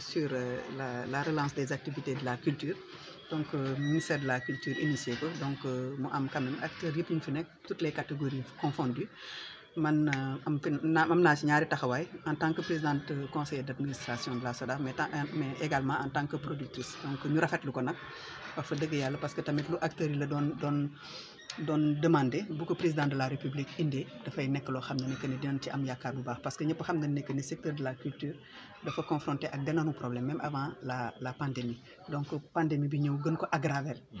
sur euh, la, relance des activités de la culture donc le euh, ministère de la culture initié donc euh, moi j'ai quand même acteurs toutes les catégories confondues man am am naa ci ñaari en tant que présidente conseil d'administration de la SODA, mais également en tant que productrice donc nous avons fait le qu'on fa parce que tamit lu acteurs il la demander demandé beaucoup de président de la république indee de faire loo xam ne que ne dinañ ci am bu parce que nous xam nga que le secteur de la culture est confronté ak des problèmes même avant la pandémie donc pandémie bi aggravée. gën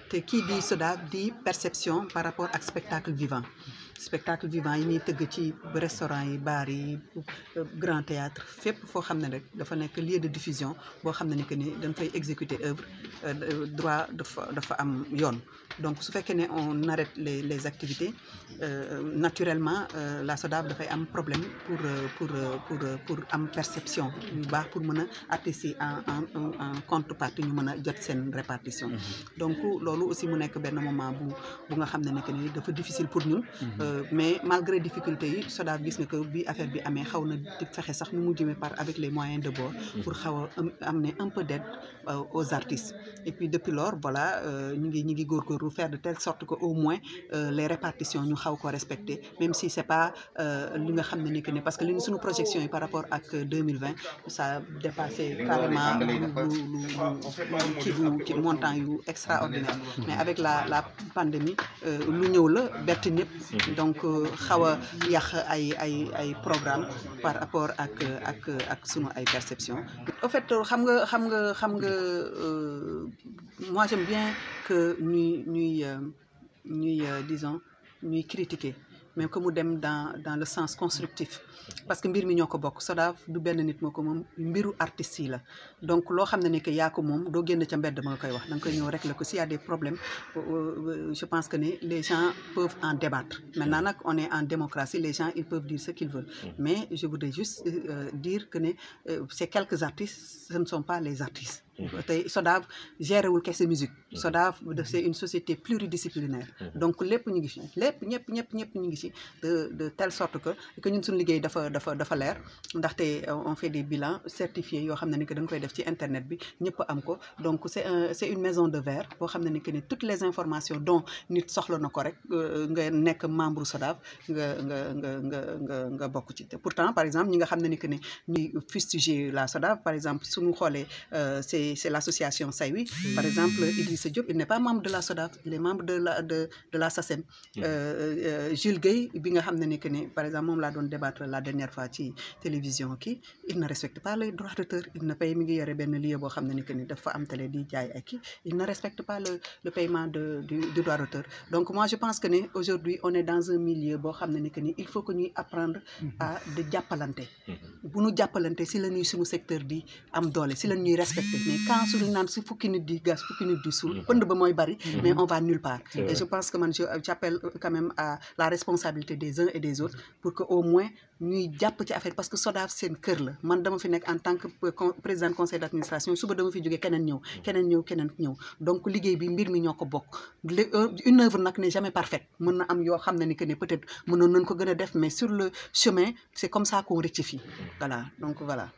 qui dit cela dit perception par rapport à spectacle vivant spectacle vivant yi ñuy tëgg ci restaurant yi bar yi grand théâtre fépp foo xam ne rek dafa nekk lieu de diffusion boo xam ne ni que ni dañ fay exécuter œuvre euh, droit dafa dafa am yoon donc su fekkee ne on arrête les les activités euh, naturellement euh, la SODAV dafay am problème pour pour pour pour am perception yu baax pour mën a artistes en en en contrepartie ñu mën a jot seen répartition mm-hmm. donc loolu aussi mu nekk benn moment bu bu nga xam ne ni que ni dafa difficile pour ñun mm-hmm. Euh, mais malgré les difficultés, SODAV a vu que bi affaire bi avec les moyens de bord. pour amener un peu d'aide euh, aux artistes. et puis depuis lors voilà avons euh, fait faire de telle sorte qu'au au moins les répartitions nous xaw ko même si ce n'est pas li nga que nous Parce que parce que nous suñu projection par rapport à 2020 ça dépassé carrément le, montant extraordinaire mais avec la pandémie lu avons la des donc euh, xawa a ay ay ay programme par rapport ak ak ak sunu ay perception en fait xam nga xam nga xam nga euh, moi j'aime bien que ñuy ñuy euh, ñuy disons ñuy critiquer mais que nous dem dans dans le sens constructif parce que mbir mi ñoo ko bokk SODAV du benn nit moo ko mbiru yi la donc loo xam que yaa ko moom doo génn ca mbedd ma nga koy wax da koy ñëw rek la ko s'il y a des problèmes euh, euh, je pense que les gens peuvent en débattre maintenant nag on est en démocratie les gens ils peuvent dire ce qu'ils veulent mm. mais je voudrais juste euh, dire que ces quelques artistes ce ne sont pas les artistes tey SODAV géré wul kese musique SODAV c'est une société pluridisciplinaire donc lépp ñu ngi ci lépp ñëpp ñëpp ñu ngi ci de de telle sorte que que ñun suñu liggéey dafa dafa dafa leer ndaxte euh, on fait des bilans certifiés yoo xam ne ni que dañ koy def ci internet bi ñëpp am ko donc c'est c'est une maison de verre boo xam ne ni que toutes les informations dont nit soxla na ko rek euh, nga nekk membre SODAV nga nga nga nga nga nga ci pourtant par exemple ñi nga xam ne ni que ni ñuy fustiger la SODAV par exemple suñu xoolee euh, c'est c'est l'association Saïwi. Par exemple, Idriss Diop, il n'est pas membre de la SODAF, il est membre de la, de, de la SACEM. Mm. Euh, euh, Jules Gueye, par exemple, on l'a donné débattre la dernière fois la télévision il ne respecte pas les droits d'auteur, il ne paye pas les droits d'auteur am il ne respecte pas le, le paiement de, du, du droit d'auteur. Donc moi je pense que aujourd'hui on est dans un milieu où il faut que ñuy apprendre à de jàppalante. Mm-hmm. Bu ñu jàppalante si la ñuy nous secteur di am doole si la ñuy respecte mais mm. quand suñu nous dise gaz, nit di gas fukki nit di suul mm-hmm. ne ba pas bari mm-hmm. mais on va nulle part et je pense que man euh, j'appelle euh, quand même à la responsabilité des uns et des autres mm-hmm. pour que au moins nous, jàpp ci affaire parce que SODAV c'est une la man dama fi en tant que euh, président du conseil d'administration, administration suba dama fi jógee keneen ñëw donc l'idée, bi mbir mi ñoo bok. une œuvre n'est jamais parfaite Mon am yo ne que peut être def mais sur le chemin c'est comme ça qu'on rectifie voilà donc voilà